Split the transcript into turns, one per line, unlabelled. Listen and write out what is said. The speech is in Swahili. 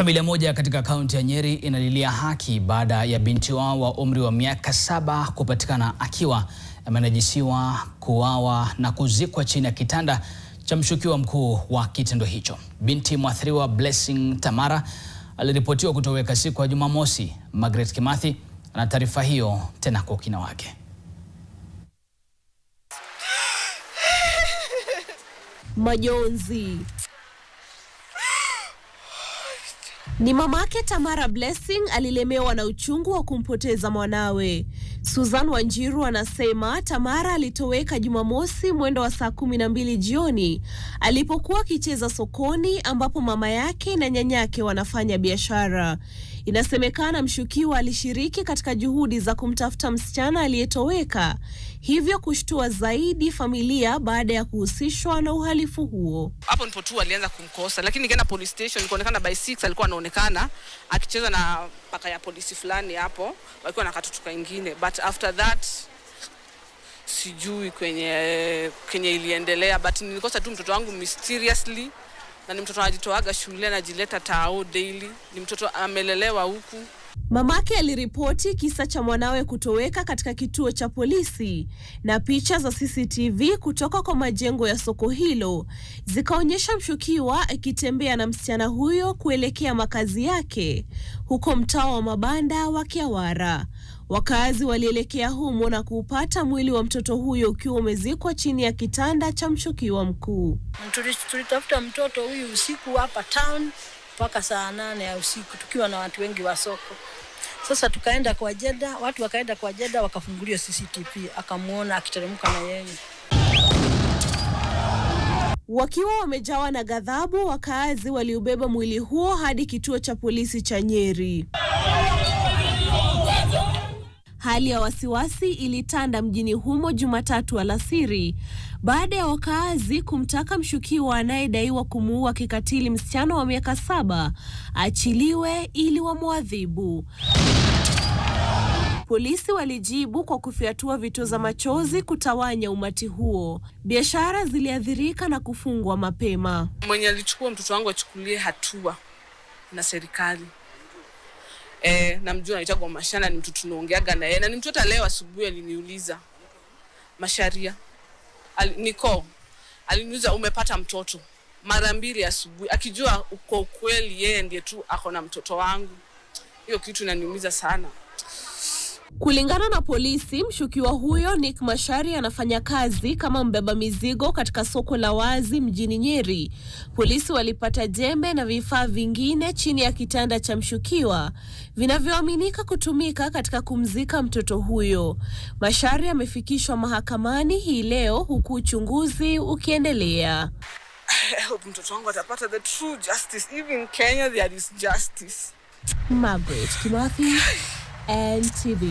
Familia moja katika kaunti ya Nyeri inalilia haki baada ya binti wao wa umri wa miaka saba kupatikana akiwa amenajisiwa, kuuawa na kuzikwa chini ya kitanda cha mshukiwa mkuu wa kitendo hicho. Binti mwathiriwa Blessing Tamara aliripotiwa kutoweka siku ya Jumamosi. Margaret Kimathi ana taarifa hiyo tena kwa ukina wake.
Majonzi, Ni mamake Tamara Blessing alilemewa na uchungu wa kumpoteza mwanawe. Susan Wanjiru anasema Tamara alitoweka Jumamosi mwendo wa saa kumi na mbili jioni alipokuwa akicheza sokoni ambapo mama yake na nyanyake wanafanya biashara. Inasemekana mshukiwa alishiriki katika juhudi za kumtafuta msichana aliyetoweka, hivyo kushtua zaidi familia baada ya kuhusishwa na uhalifu huo
hapo ndipo tu alianza kumkosa, lakini nikaenda police station, nikaonekana by 6 alikuwa anaonekana akicheza na paka ya polisi fulani hapo, wakiwa na katoto kingine, but after that sijui kwenye kwenye iliendelea, but nilikosa tu mtoto wangu mysteriously, na ni mtoto anajitoaga shule anajileta tao daily, ni mtoto amelelewa huku
Mamake aliripoti kisa cha mwanawe kutoweka katika kituo cha polisi na picha za CCTV kutoka kwa majengo ya soko hilo zikaonyesha mshukiwa akitembea na msichana huyo kuelekea makazi yake huko mtaa wa mabanda wa Kiawara. Wakazi walielekea humo na kuupata mwili wa mtoto huyo ukiwa umezikwa chini ya kitanda cha mshukiwa mkuu.
Tulitafuta mtoto huyu usiku hapa town mpaka saa nane ya usiku tukiwa na watu wengi wa soko. Sasa tukaenda kwa Jeda, watu wakaenda kwa Jeda wakafungulia CCTV, akamwona akiteremka na yeye.
Wakiwa wamejawa na ghadhabu, wakaazi waliubeba mwili huo hadi kituo cha polisi cha Nyeri. Hali ya wasiwasi ilitanda mjini humo Jumatatu alasiri baada ya wakaazi kumtaka mshukiwa anayedaiwa kumuua kikatili msichana wa miaka saba achiliwe ili wamwadhibu. Polisi walijibu kwa kufyatua za machozi kutawanya umati huo. Biashara ziliathirika na kufungwa mapema.
Mwenye alichukua mtoto wangu achukulie hatua na serikali. Eh, namjua anaitwa Mashana, ni mtu tunaongeaga na yeye na ni mtu hata leo asubuhi aliniuliza Masharia Al, niko aliniuliza umepata mtoto mara mbili asubuhi, akijua kwa ukweli yeye ndiye tu ako na mtoto wangu. Hiyo kitu inaniumiza sana.
Kulingana na polisi, mshukiwa huyo Nick Mashari anafanya kazi kama mbeba mizigo katika soko la wazi mjini Nyeri. Polisi walipata jembe na vifaa vingine chini ya kitanda cha mshukiwa vinavyoaminika kutumika katika kumzika mtoto huyo. Mashari amefikishwa mahakamani hii leo huku uchunguzi ukiendelea.
Mtoto wangu atapata the true justice. Even Kenya there is justice.
Margaret Kimathi and TV.